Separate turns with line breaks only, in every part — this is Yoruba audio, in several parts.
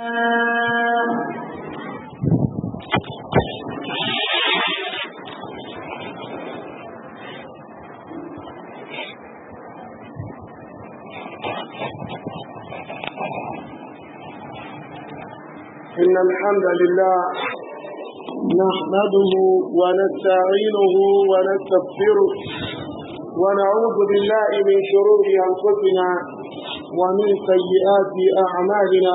إن الحمد لله نحمده ونستعينه ونستغفره ونعوذ بالله من شرور أنفسنا ومن سيئات أعمالنا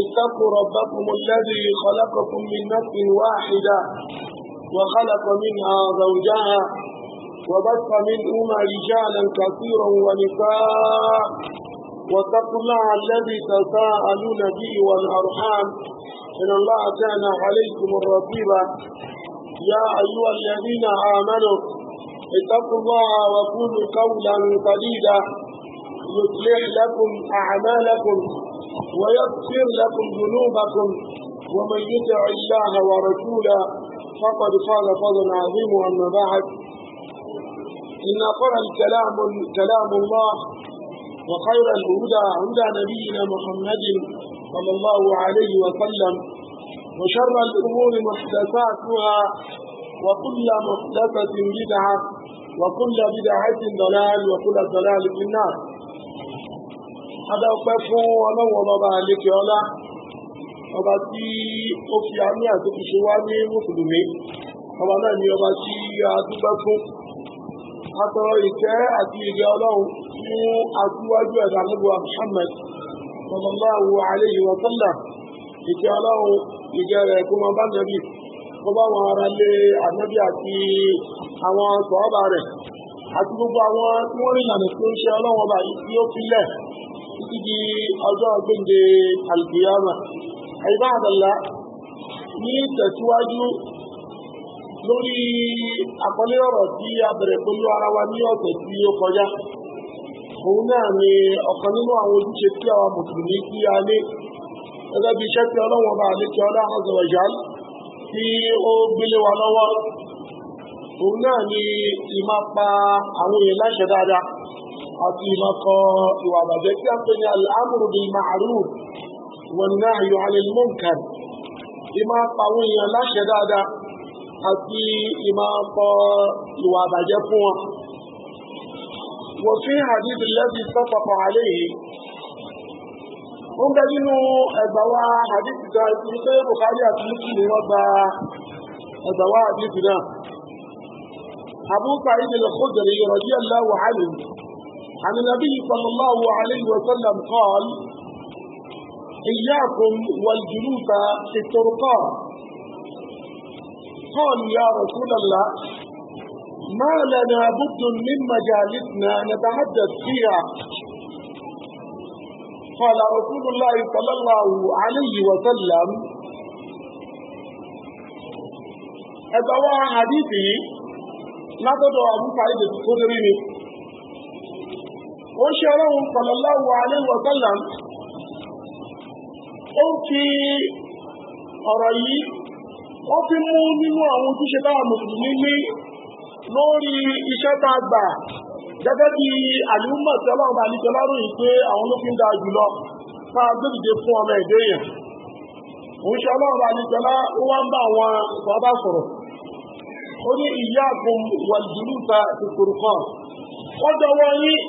اتقوا ربكم الذي خلقكم من نفس واحدة وخلق منها زوجها وبث منهما رجالا كثيرا ونساء واتقوا الله الذي تساءلون به والأرحام إن الله كان عليكم الرقيبا يا أيها الذين آمنوا اتقوا الله وقولوا قولا قليلا يصلح لكم أعمالكم ويغفر لكم ذنوبكم ومن يطع الله ورسوله فقد فاز فضل عظيما اما بعد ان قرا الكلام كلام الله وخير الهدى هدى نبينا محمد صلى الله عليه وسلم وشر الامور محدثاتها وكل محدثه بدعه وكل بدعه ضلال وكل ضلال في النار adá ọpẹ́ fún ọlọ́wọ́ ọlọ́ba àlékè ọlá ọba tí ó fi àmì àti fi ṣe wá ní mùsùlùmí ọba náà ni ọba tí a dúpẹ́ fún atọrọ ìtẹ́ àti ìgẹ́ ọlọ́run fún aṣíwájú ẹ̀dá níbo Muhammad sallallahu alayhi wa sallam ìtẹ́ ọlọ́run ìgẹ́ rẹ̀ kó máa bá nàbì kó bá wọn ara lé ànábì àti àwọn sọ̀ọ́bà rẹ̀ àti gbogbo àwọn tí wọ́n rìn àmì tó ń ṣe ọlọ́run ọba yìí tí ó fi lẹ̀ títí di ọjọ́ gbéǹde alkiyama ẹ̀yìnbá àdàlá ní tẹ̀síwájú lórí àkọlé ọ̀rọ̀ tí a bẹ̀rẹ̀ pẹ̀lú ara wa ní ọ̀sẹ̀ tí ó kọjá òun náà ni ọ̀kan nínú àwọn ojúṣe tí àwọn mùsùlùmí tí a lé gẹ́gẹ́ bí iṣẹ́ tí ọlọ́wọ́n bá lè kí ọlá azọ̀rọ̀jàl tí ó gbélé wa lọ́wọ́ òun náà ni ìmápa àwọn èèyàn láṣẹ dáadáa حتي بقى وعلى ذلك يعني الامر بالمعروف والنهي عن المنكر إما قوية لا شدادة حتي إما وعلى جفوة وفي حديث الذي اتفق عليه هم قالوا الدواء حديث ده في البخاري أتمنى ربا الدواء حديث ده أبو سعيد الخدري رضي الله عنه عن النبي صلى الله عليه وسلم قال إياكم والجلوس في الطرقات قالوا يا رسول الله ما لنا بد من مجالسنا نتحدث فيها قال رسول الله صلى الله عليه وسلم أتوا حديثي لا تدعو أبو سعيد الخدري wọ́n ṣe ọlọ́run sallallahu alaihi wa sallam ó fi ọ̀rọ̀ yìí ó fi mú nínú àwọn ojúṣe táwọn mùsùlùmí ní lórí iṣẹ́ tá a gbà gẹ́gẹ́ bí àlùmọ̀ tí ọlọ́run bá ní tọ́lárò pé àwọn ló fi ń da jùlọ tá a gbèdìde fún ọmọ ẹ̀dẹ́ yẹn òun ṣe ọlọ́run bá kan yín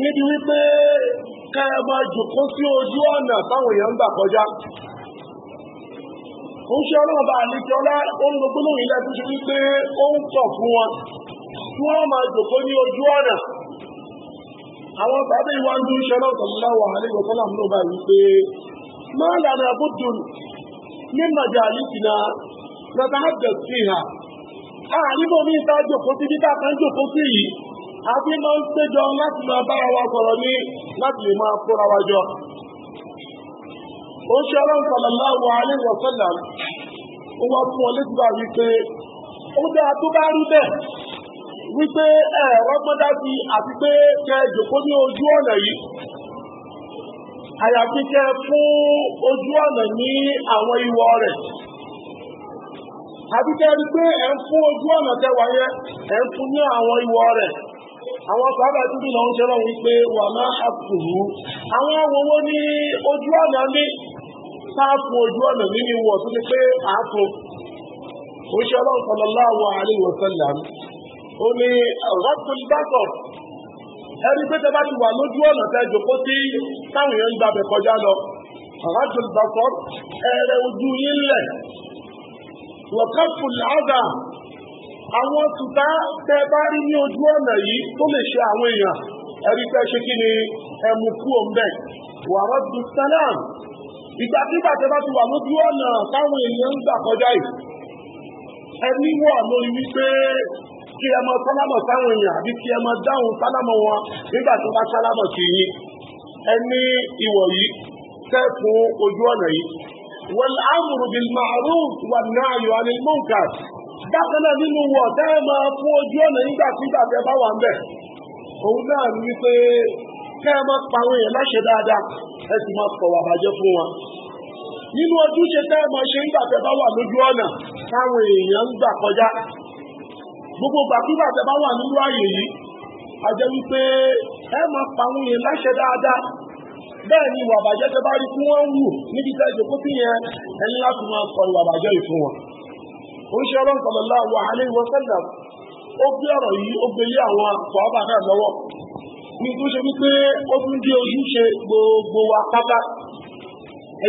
níbi wípé kẹ́ ẹ máa jòkó sí ojú ọ̀nà táwọn èèyàn ń gbà kọjá ń ṣe ọlọ́run bá àlejò ọlá ó ń wípé ó ń tọ̀ fún wọn tí wọ́n máa jòkó ní ojú ọ̀nà àwọn bàbá ìwà ń láwọ̀ àlejò wípé máa ní màjà a fi máa ń péjọ láti máa bára wa sọ̀rọ̀ ní láti lè máa kóra wa jọ. ó ṣe ọlọ́nkọ̀lọ́ láwọn alẹ́ ìwọ̀sọ́là ó wá fún ọ létí bá wípé ó dáa tó bá rí bẹ́ẹ̀ wípé ẹ rọ́gbọ́n dá sí àti pé kẹ jòkó ní ojú ọ̀nà yìí àyàfi kẹ fún ojú ọ̀nà ní àwọn ìwọ rẹ̀ àbíkẹ́ rí pé ẹ̀ ń fún ojú ọ̀nà tẹwàá yẹn ẹ̀ ń fún ní àwọn ìwọ rẹ̀ àwọn sábà dúdú náà ń ṣe lọ́wọ́ wípé wà máa àpòrú àwọn owó ní ojú ọ̀nà mi sáàpù ojú ọ̀nà mi ni wọ̀ tó ti pé àápò ó ṣe ọlọ́run sallallahu alaihi wasallam ó ní rọ́pùlì bákọ̀ ẹni pé tẹ bá ti wà lójú ọ̀nà tẹ jòkó tí táwọn èèyàn ń gbàbẹ̀ kọjá lọ rọ́pùlì bákọ̀ ẹ̀rẹ̀ ojú yín lẹ̀ wọ̀kọ́pùlì àgà àwọn tùtà tẹ bá rí ní ojú ọ̀nà yìí tó lè ṣe àwọn èèyàn ẹ̀rí fẹ́ ṣe kí ni ẹmu kú òǹbẹ̀ wàrọ̀ tù sálàm ìgbàkígbà tẹ bá ti wà lójú ọ̀nà táwọn èèyàn ń gbà kọjá yìí ẹni wọ̀ lórí wípé kí ẹ mọ sálámọ̀ sáwọn èèyàn àbí kí ẹ mọ dáhùn sálámọ̀ wọn nígbà tó bá sálámọ̀ sí yín ẹni ìwọ̀ yìí tẹ́ fún ojú ọ̀nà yìí wal amru bil ma'ruf wan nahyu 'anil munkar bákan náà nínú wọ̀ tẹ́ ẹ máa fún ojú ọ̀nà nígbàkúgbà tẹ́ bá wà ń bẹ̀ òun náà ní pé kẹ́ ẹ máa pa àwọn èèyàn láṣẹ dáadáa ẹ sì máa pọ̀ wà bàjẹ́ fún wọn nínú ojúṣe tẹ́ ẹ máa ṣe nígbà tẹ́ bá wà lójú ọ̀nà táwọn èèyàn ń gbà kọjá gbogbo gbàkúgbà tẹ́ bá wà nínú ààyè yìí a jẹ́ wípé ẹ máa pa àwọn èèyàn láṣẹ dáadáa bẹ́ẹ̀ ni ìwà àbàjẹ́ tẹ́ bá rí fún wọn wù níbi tẹ́ ìjòkó sí yẹn ẹni láti máa sọ ìwà àbàjẹ́ yìí ó ṣe ọlọ́run sallallahu alaihi wasallam ó gbé ọrọ yìí ó gbélé àwọn sọ̀ọ́bà náà lọ́wọ́ ní tó ṣe wípé ó tún dé ojúṣe gbogbo wa pátá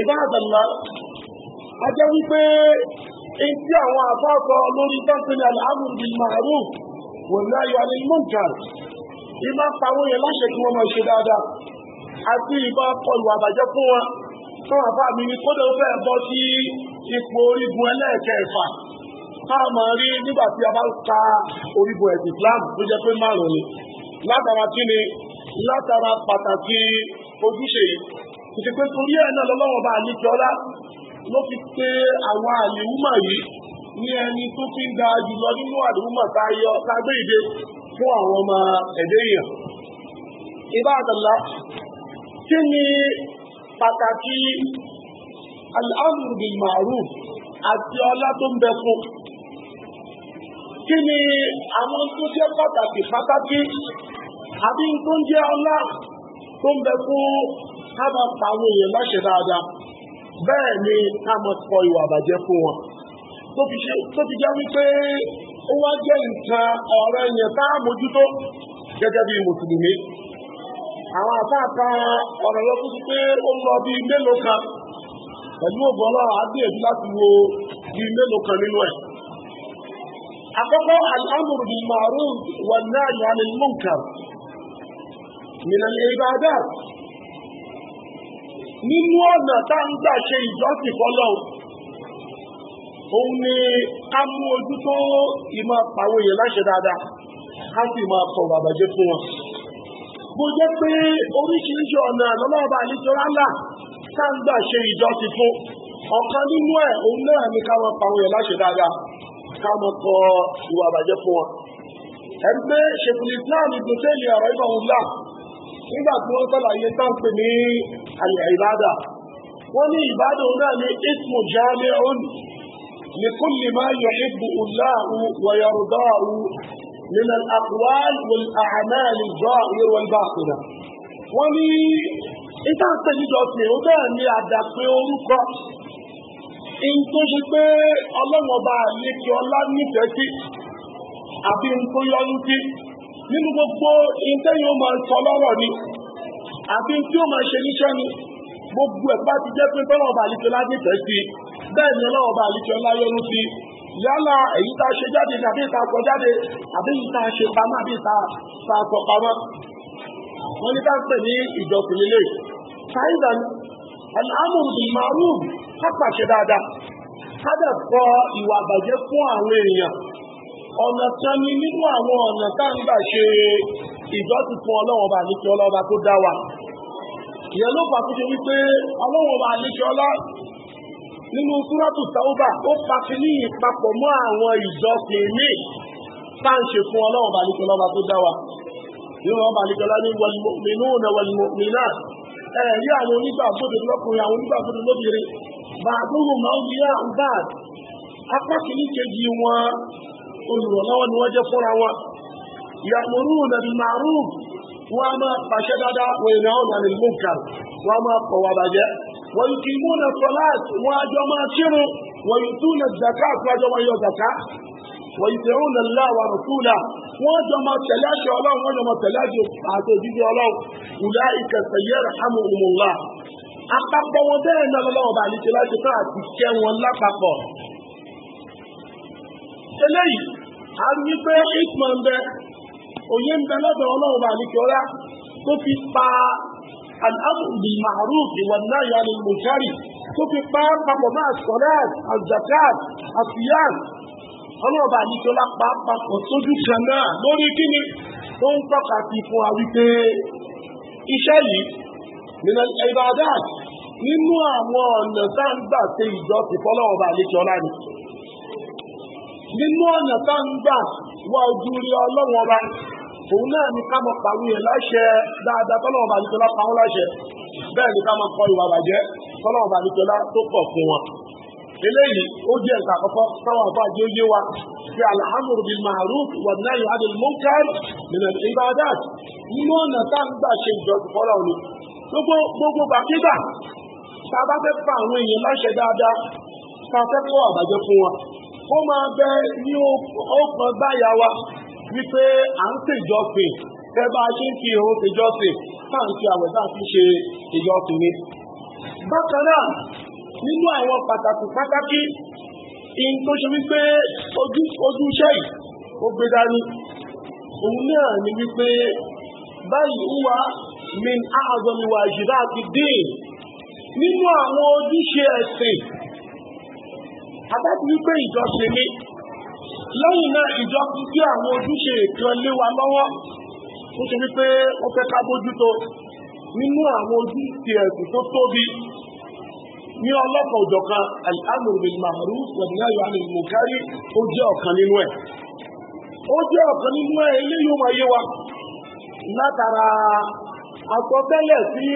ìbáàdàlá a jẹ́ wípé etí àwọn lórí láṣẹ kí máa ṣe dáadáa àti fún wọn fún àbá mi kódà ó sí ipò orígun táàmù rí nígbà tí a bá ń ka orígun ẹ̀sìn Islam tó jẹ́ pé márùn-ún ni látara kí ni látara pàtàkì ojúṣe títí pé torí ẹ̀ náà lọ́wọ́ bá ọlá ló fi pé àwọn yìí ní ẹni tó fi ń ga jùlọ nínú ìdè fún àwọn ọmọ ẹ̀dẹ́ kí ni pàtàkì àti ọlá tó ń bẹ kí ni àwọn tó jẹ́ pàtàkì pàtàkì àbí tó ń jẹ́ ọlá tó ń bẹ fún ká máa pa àwọn èèyàn láṣẹ dáadáa bẹ́ẹ̀ ni ká máa kọ ìwà àbàjẹ́ fún wọn tó fi jẹ́ wípé ó wá jẹ́ nǹkan ọ̀rọ̀ yẹn tá a mójútó gẹ́gẹ́ bí mùsùlùmí àwọn àtàkà ọ̀rọ̀ lọ fún pé ó lọ bí mélòó kan pẹ̀lú ògbọ́n náà á gbìyànjú láti wo bí mélòó kan nínú ẹ̀ àkọ́kọ́ al'amur bil ma'ruf wan nahy 'anil munkar min al-ibadat nínú ọ̀nà tá ń gbà ṣe ìjọsìn fọ́lọ́ òun ni ká mú ojú tó ìmọ̀ pàwọn èèyàn láṣẹ dáadáa ká sì máa kọ̀ bàbàjẹ́ fún wọn bó jẹ́ pé oríṣiríṣi ọ̀nà lọ́lọ́ọ̀bà nítorá ńlá tá ń gbà ṣe ìjọsìn fún ọ̀kan nínú ẹ̀ òun náà ni ká máa pàwọn èèyàn láṣẹ dáadáa كامطو سوى بجفوة أما شيخ الإسلام ابن تيمية رحمه الله إذا كنت لا يتنق العبادة ومن عبادة هنا اسم جامع لكل ما يحب الله ويرضاه من الأقوال والأعمال الظاهر والباطنة ومن إذا تجد أسمه هنا أني أدقيه in tó ṣe pé ọlọ́run ọba àlejò ọlá nífẹ̀ẹ́ sí àbí in tó yọrú sí nínú gbogbo in tẹ́yìn ó máa ń sọ lọ́rọ̀ ni àbí in tí ó máa ṣe níṣẹ́ ni gbogbo ẹ̀pá ti jẹ́ pé tọ́lọ̀ ọba àlejò ọlá nífẹ̀ẹ́ sí bẹ́ẹ̀ ni ọlọ́run ọba àlejò ọlá yọrú sí yálà èyí tá a ṣe jáde àbí ìta kọ jáde àbí èyí tá a ṣe pamọ́ àbí ìta tá a kọ pamọ́ wọ́n ní ká pè ní ìjọsìn ilé ṣáìdàn ká pàṣẹ dáadáa ká dẹ̀ kọ ìwà àbàjẹ́ fún àwọn èèyàn ọ̀nà kan ni nínú àwọn ọ̀nà tá à ń gbà ṣe ìjọsìn fún ọlọ́run ọba àníkẹ́ ọlọ́ba tó dá wa ìyẹn ló fà fúnṣe wípé ọlọ́run ọba àníkẹ́ ọlá nínú súrọ́tù sáúbà ó pàṣẹ ní ìpapọ̀ mọ́ àwọn ìjọsìn míì tá à ń ṣe fún ọlọ́run ọba àníkẹ́ ọlọ́ba tó dá wa nínú ọba àníkẹ́ ọlá ní wọlmọ̀mìnú náà wọlmọ̀mìnà ẹ̀rí àwọn onígbàgbọ́dọ̀ lọ́kùnrin àwọn onígbàgbọ́dọ̀ بعضهم أولياء بعض أقاكني كجيوا قلوا الله نواجه فرعوا يأمرون بالمعروف وما فشدد وينهون عن المنكر وما قوابجه ويقيمون الصلاة وجماعتهم ويؤتون الزكاة وجماعة الزكاة ويطيعون الله ورسوله وجماعة تلاشي الله وجماعة تلاشي عدد الله أولئك سيرحمهم الله àpapọ̀ wọn bẹ́ẹ̀ náà lọ́wọ́ bá ní ṣe láti fún àti jẹ́ wọn lápapọ̀. eléyìí a rí pé ìtumọ̀ ń bẹ òye ń bẹ lọ́dọ̀ ọlọ́wọ́ bá ní kíọ́lá tó fi pa àdáàbòbí màrúf ìwà náà yà ní tó fi pa papọ̀ máa sọ̀rẹ́ àzàkàt àfìyàn ọlọ́wọ́ bá ní kíọ́lá pa papọ̀ sójú kan náà lórí kíni ó ń tọ́ka sí fún wa wípé iṣẹ́ yìí nínú ìbádà nínú àwọn ọ̀nà tá ń gbà ṣe ìjọsìn fọ́lọ́wọ́ bá àlejò ọlá ni nínú ọ̀nà tá ń gbà wá ojú rí ọlọ́wọ́ ọba òun náà ni ká mọ pàwọn èèyàn láṣẹ dáadáa fọ́lọ́wọ́ bá àlejò ọlá pàwọn láṣẹ bẹ́ẹ̀ ni ká mọ kọ ìwà bàjẹ́ fọ́lọ́wọ́ bá àlejò ọlá tó pọ̀ fún wọn eléyìí ó jẹ́ nǹkan àkọ́kọ́ táwọn àbá àjẹ́ wa pé alhamdu bil ma'ruf wà náà yóò adìl munkar nínú ìbádà nínú ọ̀nà tá ń ni gbogbo gbàkígbà tá a bá fẹ́ pa àwọn èèyàn láṣẹ dáadáa tá a fẹ́ kọ́ àbàjẹ́ fún wọn ó máa bẹ ní ọgbọ̀n báyà wa wípé à ń ṣèjọsìn fẹ́ bá a ṣe ń fi ìrun ṣèjọsìn tá à ń fi àwẹ̀ tá à fi ṣe ìjọsìn ni. bákan náà nínú àwọn pàtàkì pàtàkì in tó ṣe wípé ojú iṣẹ́ yìí ó gbé dání òun náà ni wípé báyìí wúwa min a'zami wajibati din nínú àwọn ojúṣe ẹ̀sìn adájú wípé ìjọsìn ni lẹ́yìn náà ìjọsìn sí àwọn ojúṣe ìkan lé wa lọ́wọ́ ó ṣe wípé wọ́n fẹ́ ká bójútó nínú àwọn ojúṣe ẹ̀sìn tó tóbi ní ọlọ́pàá òjọ̀kan al-amru bil ma'ruf wan-nahyu 'anil munkar ó jẹ́ ọ̀kan nínú ẹ̀ ó jẹ́ ọ̀kan nínú ẹ̀ eléyìí ó máa yé wa látara àsọtẹ́lẹ̀ sí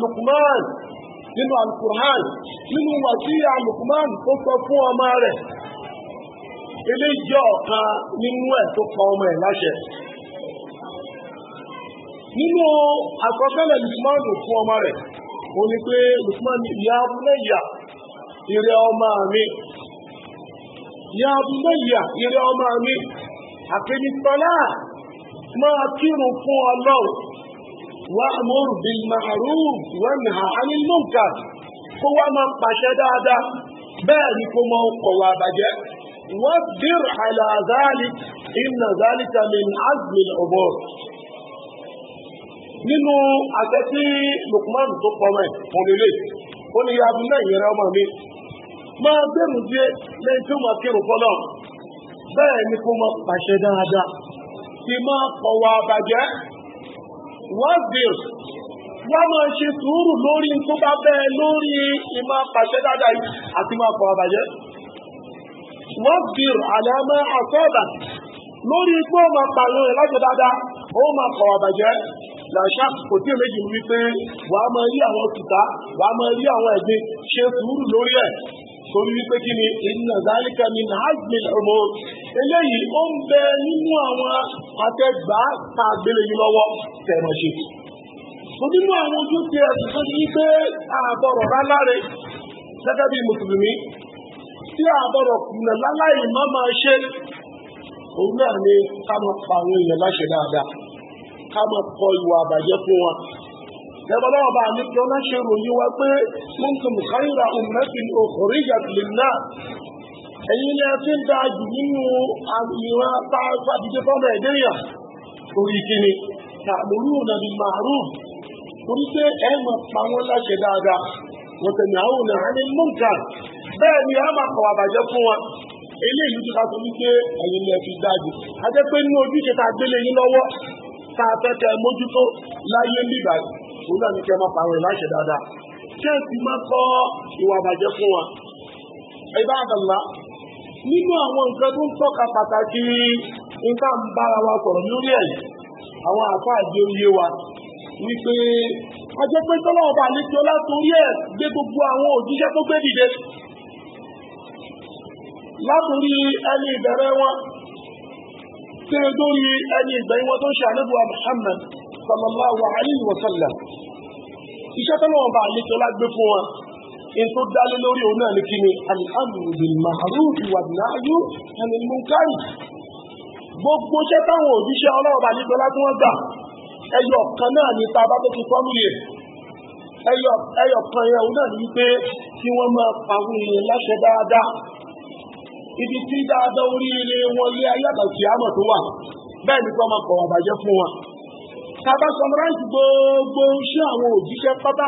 Lukman nínú alukur'an nínú wàsíyà Lukman tó sọ fún ọmọ rẹ̀ eléyìí ọ̀kan nínú ẹ̀ tó pa ọmọ ẹ̀ láṣẹ nínú àsọtẹ́lẹ̀ Lukman fún ọmọ rẹ̀ ó ní pé Lukman ìyá abúlẹ̀yà ìrẹ ọmọ mi ìyá abúlẹ̀yà ìrẹ ọmọ mi máa kírun fún Ọlọ́run wa'mur bil ma'ruf wanha 'anil munkar kó wá máa ń pàṣẹ dáadáa bẹ́ẹ̀ ni kó máa ń kọ̀wé àbàjẹ́ wasbir 'ala dhalik inna dhalika min 'azmi al-umur nínú àṣẹ tí Lukman tó pọmọ ẹ̀ pọ̀lélé ó ní yaabu náà yẹrẹ ọmọ mi máa bẹ̀rù díẹ̀ lẹ́yìn tí ó kírun fọlọ́ bẹ́ẹ̀ ni kó máa pàṣẹ dáadáa kí máa kọ̀wé àbàjẹ́ wọ́sbìr wọ́n máa ṣe sùúrù lórí tó bá bẹ́ẹ̀ lórí ìmọ̀ pàṣẹ dáadáa yìí àti máa fọ àbàjẹ́ wọ́sbìr àlẹ́mọ́ àtọ́ọ̀dà lórí pé ó máa pààyàn rẹ̀ láti dáadáa ó máa fọ àbàjẹ́ làṣà kò tí wípé wàá máa rí àwọn torí wípé kí ni inna zalika min azmi al-umur eléyìí ó ń bẹ nínú àwọn àtẹgbà tá a gbélé yín lọ́wọ́ tẹ̀mọ̀ ṣe. mo nínú àwọn ojú ti ẹ̀sùn tó ti pé àbọ̀rọ̀ láláre gẹ́gẹ́ bí mùsùlùmí tí àbọ̀rọ̀ kùnà láláì má máa ṣe òun náà ni ká máa pa àwọn èèyàn láṣẹ dáadáa ká máa kọ ìwà àbàjẹ́ fún wọn. Gẹ́gẹ́ lọ́wọ́ bá mi kí ọlá منكم ròyìn wa pé kuntum khayra ummatin ukhrijat lin-nas. Ẹ̀yin ni ẹ ti ń dáa jù nínú àmìwọ̀n pàdíjẹ́ fọ́mọ Nàìjíríà. Orí kíni, ta'muruna bil ma'ruf. Torí pé ẹ mọ̀ pa wọ́n láṣẹ dáadáa. Wọ́n tẹ̀lé àwọn ọ̀nà àní munkar. Bẹ́ẹ̀ ni a máa kọ̀ àbàjẹ́ fún wọn. Eléyìí ti ká sọ wípé ẹ̀yin ni ẹ ti dáa jù. A jẹ́ pé inú ojúṣe ta gbélé yín lọ́wọ́ tá a fẹ́ kẹ́ mójútó láyé nígbà sùúrù àti kẹ́ máa pààrọ̀ láṣẹ dáadáa kẹ́ ẹ sì máa kọ́ ìwà àbàjẹ́ fún wa. ẹ̀dá àdàlá nínú àwọn nǹkan tó ń tọ́ka pàtàkì nǹkan ń bára wa sọ̀rọ̀ lórí ẹ̀ àwọn àfáàdé oyé wa wípé ajẹ́pẹ́ tọ́lọ́wọ́ bá lè jọ látòrí ẹ̀ gbé gbogbo àwọn òjíṣẹ́ tó gbé dìde látòrí ẹni ìbẹ̀rẹ̀ wọn tí ó ẹni ìgbẹ̀yìn wọn tó ń ṣe àlébùwà Muhammad sallallahu alayhi wa sallam iṣẹ́ tọ́lọ́wọ́n bá àlejò lágbé fún wọn in tó dálé lórí òun náà ní kí ni alhamdu bil ma'ruf wa nahyu 'anil munkar gbogbo iṣẹ́ táwọn òjíṣẹ́ ọlọ́wọ́n bá àlejò lágbé wọn gbà ẹyọ kan náà ní ta bá tó ti fọ́mùlì ẹyọ kan yẹn òun náà ní wípé kí wọ́n máa pàwọn èèyàn láṣẹ dáadáa ibi tí dáadáa oríire wọn lé ayé àtàkì àmọ̀ tó wà bẹ́ẹ̀ ni kí wọ́n máa kọ̀ wà bàjẹ́ fún wọn Tàbá sọmọláìsì gbogbo iṣẹ́ àwọn òjíṣẹ́ pátá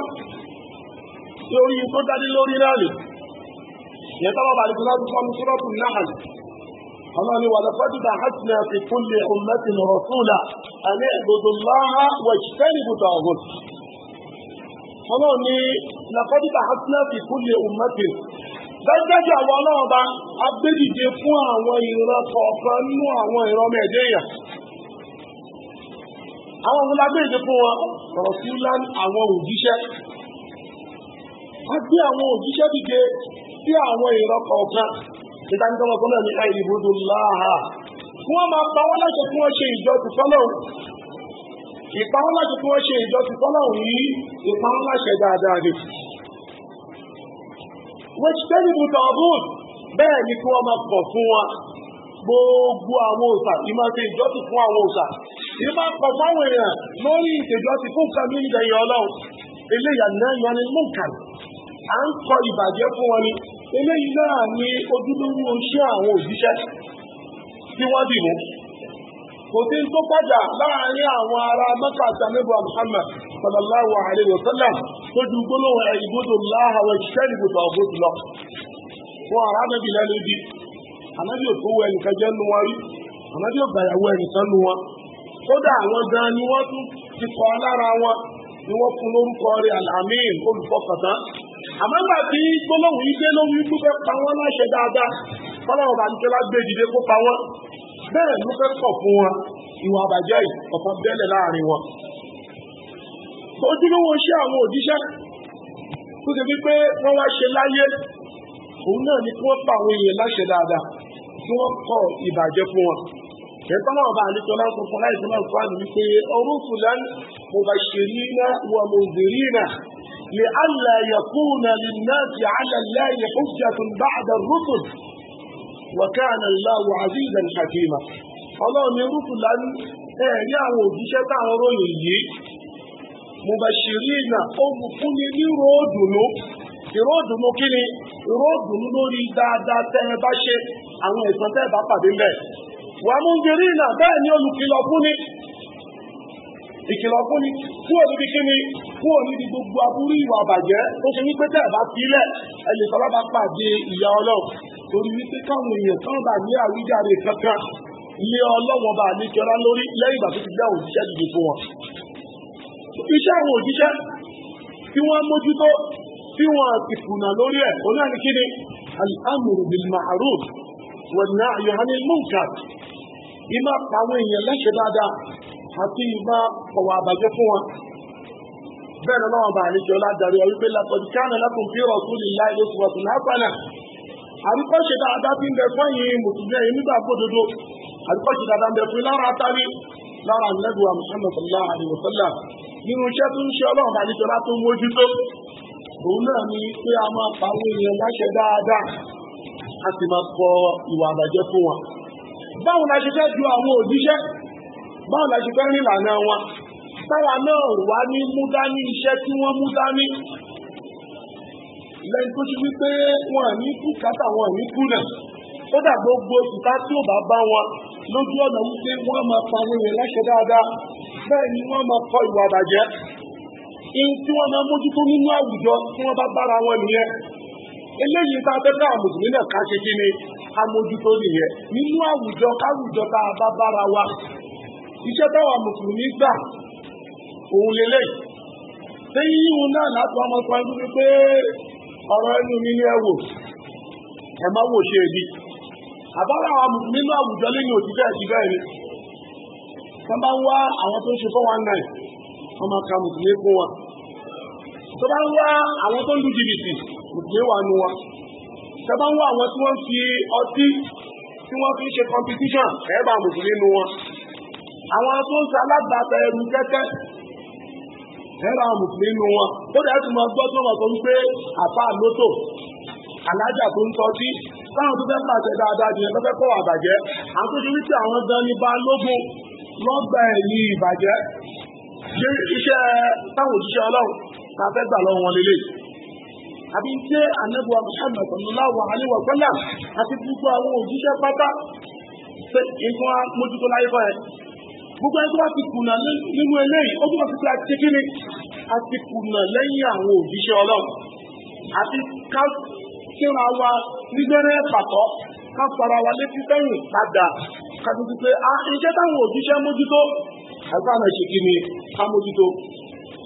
lórí tó dájú lórí náà rè. Yẹn tọ́lọ́ bá dìbò láti fọ́n sọ́rọ́pù náà. Àwọn ni wàlẹ̀ fọ́jú bá hàtìlẹ̀ fi kúnlẹ̀ ọmọdé nọ̀rọ̀ fúnlà. Àní ìgbòdò láhá wà jìfẹ́ ìbùdó àwọn. Ọlọ́run ni làfọ́jú bá hàtìlẹ̀ fi kúnlẹ̀ ọmọdé dájájú àwọn ọlọ́ọ̀bá agbẹ́dìde fún àwọn ìran kọ̀ọ̀kan nínú àwọn ìran mẹ́ẹ̀dẹ́yà àwọn ọmọ lágbé ìdí fún wọn ọ̀rọ̀ sí ńlá àwọn òjíṣẹ́ a gbé àwọn òjíṣẹ́ dìde sí àwọn ìran kọ̀ọ̀kan ìdánidọ́mọ tó náà ní àìlèbodò láàá kí wọ́n máa pa wọ́n láṣẹ kí wọ́n ṣe ìjọ tìfọ́lọ́hùn ìpa wọ́n láṣẹ kí wọ́n ṣe ìjọ tìfọ́lọ́hùn yìí ìpa wọ́n láṣẹ dáadáa rẹ̀ wẹ́tìtẹ́nìbù tọ̀ọ̀bùn bẹ́ẹ̀ ni kí wọ́n máa pọ̀ fún wọn gbogbo àwọn òòṣà ìmọ̀ ṣe ìjọ́sìn fún àwọn òòṣà ì máa kọ̀ fáwọn èèyàn lórí ìtẹ̀jọ́ ti fún nǹkan mímu ìdẹ̀yìn ọlọ́run eléyà náà yan ni múkàn à ń kọ ìbàjẹ́ fún wọn ni eléyìí náà ni ojúlówó iṣẹ́ àwọn òṣìṣẹ́ tí wọ́n dì mú kò sí tó padà láàárín àwọn ará mẹ́ta àtàlẹ́bọ̀ Muhammad sallallahu alayhi wa sallam ìbùdó lọ. wọn ẹnìkan jẹ́ nu wọn rí ẹnìkan nu wọn. kódà àwọn gan ni wọ́n tún ti kọ́ lára wọn ni wọ́n fún lórúkọ rẹ̀ alamin olùfọkàntán àmọ́ nígbà tí gbólóhùn yìí dé lórí wípé fẹ́ pa wọ́n láṣẹ dáadáa fọlọ́wọ́n bá nìkẹ́lá gbé dìde kó pa wọ́n bẹ́ẹ̀ ló fẹ́ kọ̀ fún wọn ìwà àbàjẹ́ yìí ọ̀kan bẹ́ẹ̀lẹ̀ láàrin wọn. ojúlówó iṣẹ́ àwọn òjíṣẹ́ tó ti wípé wọ́n wá ṣe láyé òun náà ni kí wọ́n pa àwọn èèyàn láṣẹ dáadáa kí wọ́n kọ̀ ìbàjẹ́ fún wọn ìtọ́nà ọba àlejò náà tuntun láì tó náà fún wípé rusulan mubashirina wa mundhirina li'alla yakuna linnasi 'ala Allahi hujjatun ba'da ar-rusul wa kana Allahu 'azizan hakima. ọlọ́run ní rusulan ẹ̀rí àwọn òjíṣẹ́ táwọn ròyìn yìí mubashirina ó fún ni ní ròódùnú ìró kí ni ìró lórí dáadáa tẹ́ ẹ bá ṣe àwọn ìtàn wà mú gírí náà bẹ́ẹ̀ ni olùkìlọ̀ fún ni ìkìlọ̀ fún ni kúrò níbi kí ni kúrò níbi gbogbo aburú ìwà àbàjẹ́ ó ṣe wípé tẹ́ ẹ̀ bá sílẹ̀ ẹ̀lẹ́ sọ́lá bá pàdé ìyá ọlọ́run torí wípé káwọn èèyàn kan bá ní àwíjàre kankan lé ọlọ́wọ́n bá ní kíọ́lá lórí lẹ́yìn ìgbà tó ti dá òjíṣẹ́ dìde fún wọn. iṣẹ́ àwọn òjíṣẹ́ tí wọ́n mójútó tí wọ́n ti kùnà lórí ẹ̀ onáà ní kí ni al-amru munkar ìmá pa àwọn èèyàn lẹ́sẹ̀ dáadáa àti ìmá ọ̀wà àbàjẹ́ fún wọn. bẹ́ẹ̀ ni ọlọ́run bá àlejò ládàrí ọ wípé laqad kana lakum fi rasulillahi uswatun hasanah. àríkọ́ṣe dáadáa ti ń bẹ fún yìí mùsùlùmí ẹ̀yìn nígbà gbódodo àríkọ́ṣe dáadáa ń bẹ fún lára àtàrí lára ànẹ́gbẹ̀wà Muhammad sallallahu alaihi wasallam nínú iṣẹ́ báwo la ṣe fẹ́ ju àwọn òjíṣẹ́ báwo la ṣe fẹ́ rìn ìlànà wọn táwa náà wá ní mú dání iṣẹ́ tí wọ́n mú dání lẹ́yìn tó ti wípé wọn ní kùkátà wọn ní kùnà kódà gbogbo ìta tí ò bá bá wọn lójú ọ̀nà wípé wọ́n máa pa àwọn èèyàn láṣẹ dáadáa bẹ́ẹ̀ ni wọ́n máa kọ ìwà àbàjẹ́ ihun tí wọ́n máa mójútó nínú àwùjọ tí wọ́n bá bára wọn nìyẹn eléyìí tá a fẹ́ ká àmùsùn nílẹ̀ ká ṣe kí ni ká mójútó nìyẹn nínú àwùjọ káwùjọ tá a bá bára wa iṣẹ́ táwa mùsùlùmí gbà òun lélẹ̀ lẹ́yìn yíwun náà láti ọmọ sọ ẹni wípé ọ̀rọ̀ ẹnu mi ni ẹ wò ẹ má wò ṣe èdè àbára àwọn mùsùlùmí nínú àwùjọ lẹ́yìn òtítọ́ ẹ̀sìn bẹ́ẹ̀ ni wọ́n bá ń wá àwọn tó ń ṣe fún wa náà wọ́n máa ka mùsùlùmí fún wa tó bá ń wá àwọn tó ń lu jìbìtì mùsùlùmí wà nù wa sábà ń wá àwọn tí wọ́n fi ọtí tí wọ́n fi ṣe competition ẹ̀ẹ́bà mùsùlùmí nínú wọn àwọn tó ń ṣalágbàtà ẹrù kẹ́kẹ́ ẹ̀ẹ́bà mùsùlùmí nínú wọn ó dẹ̀ tún máa gbọ́ tí wọ́n sọ wípé àbá lótò alájà tó ń tọ́jú táwọn tó fẹ́ pàṣẹ dáadáa jù yẹn lọ́fẹ́ kọ́ àbàjẹ́ àwọn tó ṣe àwọn gan ni bá lógun lọ́gbà ẹ̀yìn ìbàjẹ́ ṣe iṣẹ́ táwọn òṣìṣẹ́ ọlọ́run ta fẹ́ gbà lọ́wọ́ wọn lélẹ́yìí àbí tí ànábùwà Muhammad sallallahu alaihi wa sallam àti gbogbo àwọn òjíṣẹ́ pátá nǹkan mójútó láyé bọ́ ẹ gbogbo ẹni tó bá ti kùnà nínú eléyìí ó túnbọ̀ sí pé àti kíni a ti kùnà lẹ́yìn àwọn òjíṣẹ́ ọlọ́run àti ká kíra wa nígbẹ́rẹ́ pàtọ́ ká fara wa létí sẹ́yìn padà ká tuntun pé a iṣẹ́ táwọn òjíṣẹ́ mójútó àti àwọn ìṣèkíni ká mójútó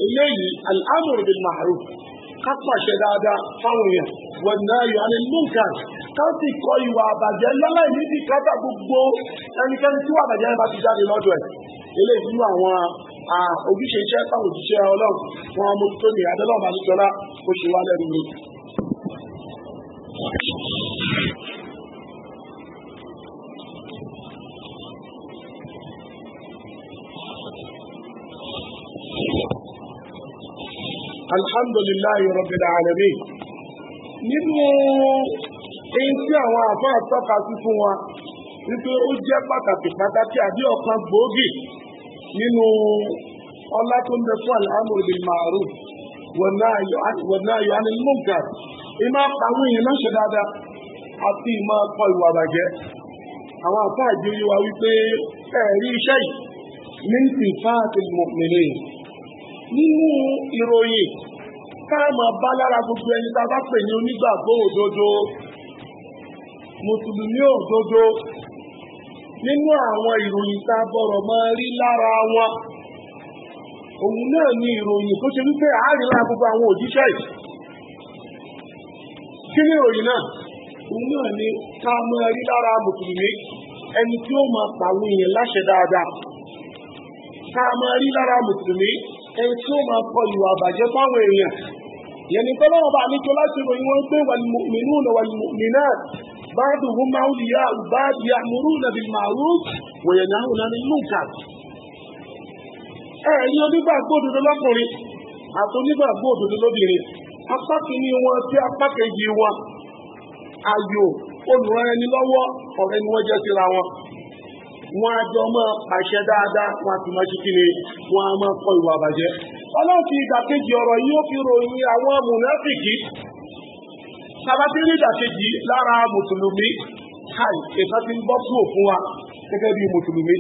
eléyìí al-amru bil ká pàṣẹ dáadáa fáwọn èèyàn wọ̀n náà yọ àní múnkàn ká sì kọ ìwà àbàjẹ́ láláì níbi kátà gbogbo ẹnikẹ́ni tí wà àbàjẹ́ yẹn bá ti jáde lọ́dọ̀ ẹ̀ eléyìí nínú àwọn ojúṣe iṣẹ́ fáwọn òṣìṣẹ́ ọlọ́run wọn mo tó ní adẹ́lọ́ọ̀bá nítorá oṣù wa lẹ́nu mi. alhamdulilayi rabbil alamin nínú èyí tí àwọn àbá àtọ́ka sí fún wa wípé ó jẹ́ pàtàkì pàtàkì àbí ọ̀kan gbòógì nínú ọlá tó ń bẹ fún al-amru bil ma'ruf wan nahyu anil munkar ìmọ̀ àwọn èèyàn náà ṣe dáadáa àti ìmọ̀ ọkọ̀ ìwà bàjẹ́ àwọn àbá àjẹyẹ wa wípé ẹ̀rí iṣẹ́ yìí ní ti fáàtì nínú ìròyìn káàmọ̀ bá lára gbogbo ẹni tá a bá pè ní onígbàgbọ́ òdodo mùsùlùmí òdodo nínú àwọn ìròyìn tá a bọ̀rọ̀ máa rí lára wọn òun náà ni ìròyìn tó ṣe wípé àárín lára gbogbo àwọn òjíṣẹ́ yìí kí ni ìròyìn náà òun náà ni ká máa rí lára mùsùlùmí ẹni tí ó máa pàwọn èèyàn láṣẹ dáadáa ká máa rí lára mùsùlùmí ẹni tí ó máa kọ ìwà àbàjẹ́ fáwọn èèyàn yẹni tọ́lọ́wọ́ bá ní tó láti ròyìn wọn pé wàlmùmínúnà wàlmùmínà báàdù wọn máa ń lìyà báàdù yà múrú nàbí màrú wòyẹ̀nà àwọn ọ̀nà nínú ìka. ẹ ẹ̀yin onígbàgbọ́ òdodo lọ́kùnrin àti onígbàgbọ́ òdodo lóbìnrin apá kìíní wọn sí apá kejì wọn ayò olùrànẹni lọ́wọ́ ọ̀rẹ́ ni wọ́n jẹ́ síra wọn. wọn àjọ máa pàṣẹ dáadáa wọn àti máa ṣe kí ni wọn á máa kọ ìwà àbàjẹ́ ọlọ́run fi ìdàkejì ọ̀rọ̀ yìí ó fi ròyìn àwọn mùnáfìkì sabatiri ìdàkejì lára mùsùlùmí káì èso ti ń bọ́ kúrò fún wa gẹ́gẹ́ bí mùsùlùmí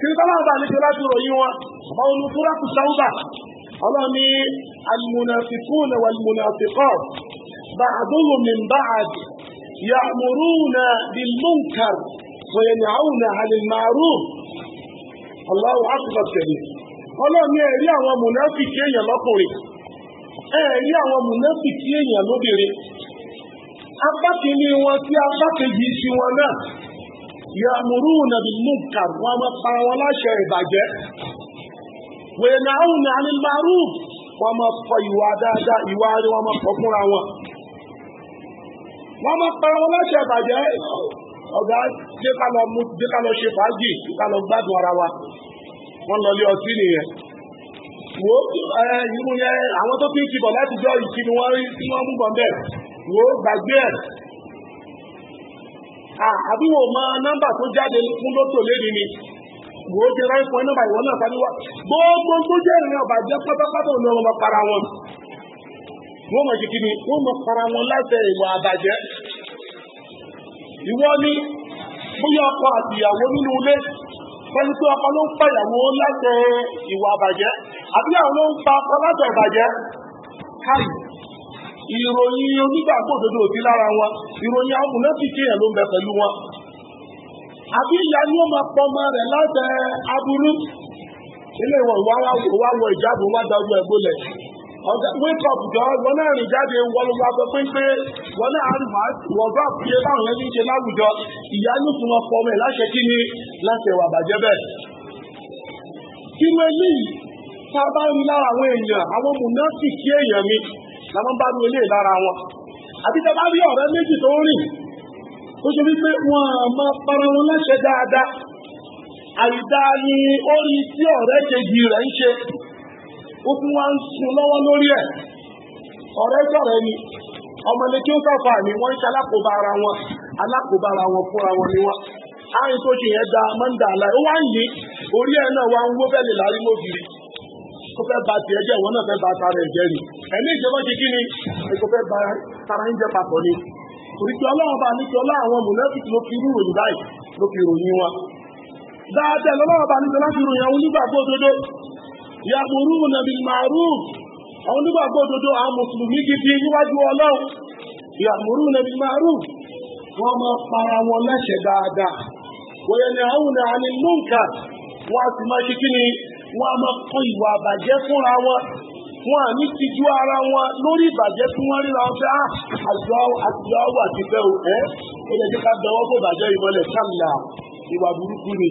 kìrìtọ́lá ọba àlejò láti ròyìn wọn ọmọ olùkúrà kù sáúbà ọlọ́ni almunafikun walmunafikun ba'duhum min ba'd ya'muruna bil munkar wa yanhauna 'anil ma'ruf Allahu akbar karim ọlọ́ni ẹ̀rí àwọn mùnáfìkì èèyàn lọ́kùnrin ẹ̀rí àwọn awọn èèyàn lóbìnrin apá kìíní wọn sí apá sí wọn náà ya'muruna bil munkar wọn máa pa wọn láṣẹ ìbàjẹ́ wa yanhauna 'anil ma'ruf wọn máa fọ ìwà dáadáa ìwà ni wọn máa fọ wọn wọn máa pa wọn láṣẹ ìbàjẹ́ ọ̀gá jẹ́ ṣe fàájì wọ́n lọ lé ọtí nìyẹn wo irú yẹn àwọn tó fi ń kibọ̀ láti jọ ìkíni wọ́n rí tí wọ́n mú bọ̀ bẹ́ẹ̀ wo gbàgbé ẹ̀ àbí wo mọ nọ́mbà tó jáde fún lótò lẹ́ni ni wo jẹ ráì fún ẹ nọ́mbà ìwọ náà fani wá gbogbo tó jẹ́ ìrìn àbàjẹ́ pátápátá ò ní ọmọ para wọn wọ́n mọ̀ kíkí ni wọ́n mọ̀ para wọn láti ìwà àbàjẹ́ ìwọ ni bóyá ọkọ àtìyàwó nínú ilé ẹni pé ọkọ ló ń pa ìyàwó láti ìwà àbàjẹ́ àbí àwọn ló ń pa ọkọ láti ìbàjẹ́ káyì ìròyìn onígbàgbọ́ òdodo òbí lára wọn ìròyìn ọkùnrin ti kéèyàn ló ń bẹ wọn àbí ìyá ni ó máa pọmọ aburú ilé wake up jọ wọn náà rìn jáde wọlé wàgbọ́ pínpín wọn náà àrùn wọ̀gbọ́ àfiyé báwọn ẹni ṣe láwùjọ ìyá nùsùn wọn fọmọ ẹ̀ láṣẹ kí ni láṣẹ wà bàjẹ́ bẹ́ẹ̀. kí ló ní tá a bá rí lára àwọn èèyàn àwọn mùnátì kí èèyàn mi làwọn bá rí ilé lára wọn àti tá a bá rí ọ̀rẹ́ méjì tó ń rìn tó ṣe wípé wọn máa para wọn láṣẹ dáadáa àìdáa ni ó rí tí ọ̀rẹ́ kejì rẹ̀ ń ṣe ó tún ń sun lọ́wọ́ lórí ẹ̀ ọ̀rẹ́ ọmọ ni kí ó wọ́n ń ṣe ara wọn alákòóbá ara wọn fúnra wọn ni wọn àárín tó ṣe yẹn da mọ́ńdà àlá ó wá ń yí orí ẹ̀ náà wá ń wó bẹ́ẹ̀ lè kó fẹ́ ba ni ẹ̀mí ìjọba ni kó fẹ́ ba tara ń ni ọlọ́run bá ní àwọn ló fi ya'muruna bil ma'ruf àwọn onígbàgbọ́ òdodo àwọn mùsùlùmí gidi níwájú ọlọ́run ya'muruna bil ma'ruf wọ́n máa para wọn lẹ́sẹ̀ dáadáa wa yanhauna 'anil munkar wọ́n á sì máa ṣe kí ni wọ́n á máa kọ ìwà àbàjẹ́ fúnra wọn wọn à ní ti ju ara wọn lórí ìbàjẹ́ tí wọ́n ríra ọ̀fẹ́ àjọ àtijọ́ àwọ̀ àti fẹ́ o ẹ́ ó yẹ kí ká dọwọ́ bó bàjẹ́ ìmọ̀lẹ̀ kàmìlà ìwà burúkú ni.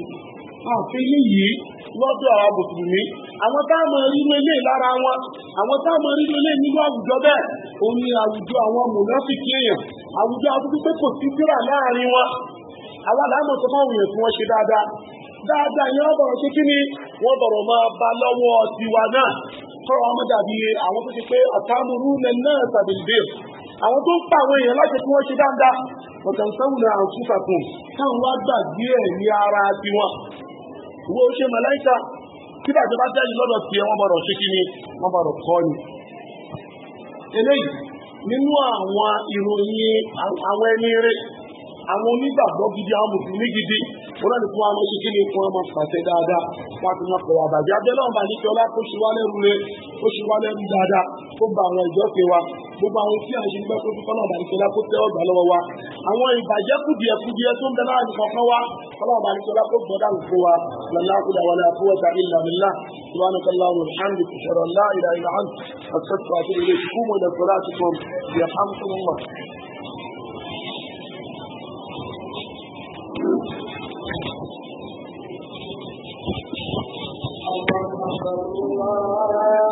àfi níyì lọ́dọ̀ àwọn mùsùlùmí àwọn táàmù irú ilé lára wọn àwọn táàmù irú ilé nínú àwùjọ bẹ́ẹ̀ òun ni àwùjọ àwọn mùnáfíkì èèyàn àwùjọ àdúgbò pé kò sí síra láàrin wọn àwọn àlámọ̀ tó máa wùyàn tí wọ́n ṣe dáadáa dáadáa yẹn wọ́n bọ̀rọ̀ ṣe kí ni wọ́n bọ̀rọ̀ máa bá lọ́wọ́ tiwa náà kọ́rọ̀ ọmọ dàbí àwọn tó ṣe pé àtàmúrú náà tàbí ìbéè àwọn tó ń pa àwọn èèyàn láti kí wọ́n ṣe dáadáa ọ̀tàn sáwùnà àǹfùsàkùn táwọn wá gbàgbé ẹ̀mí ara tiwọn wo ṣe màláìka kí bàjẹ́ bá jáde lọ́dọ̀ tiẹ̀ wọ́n bọ̀rọ̀ ṣe kí ni wọ́n bọ̀rọ̀ kọ́ ni. eléyìí nínú àwọn ìròyìn àwọn ẹni rẹ̀ àwọn onígbàgbọ́ gidi àwọn mùsùlùmí gidi wọn ni fún àwọn ṣíkí ni fún ọmọ pàṣẹ dáadáa láti wọn pẹ̀lú àbàjẹ́ abẹ́lẹ́ ọ̀bà ní kí ọlá kó ṣe wá lẹ́rú rẹ̀ kó ṣe wá lẹ́rú dáadáa kó gba àwọn ìjọ́sìn wa gbogbo àwọn tí a ṣe ní mẹ́kọ́ fún fọlọ́ọ̀bà nìkọ́lá kó tẹ́ ọ̀gbà lọ́wọ́ wa àwọn ìbàjẹ́ kùdìẹ̀kùdìẹ̀ tó ń bẹ láàrin kọ̀ọ̀kan wa fọlọ́ọ̀bà nìkọ́lá kó gbọ́dá nìkó wa lọ́lá kúdà wà ní àkúwọ̀ta ilà mílá سبحانك اللهم وبحمدك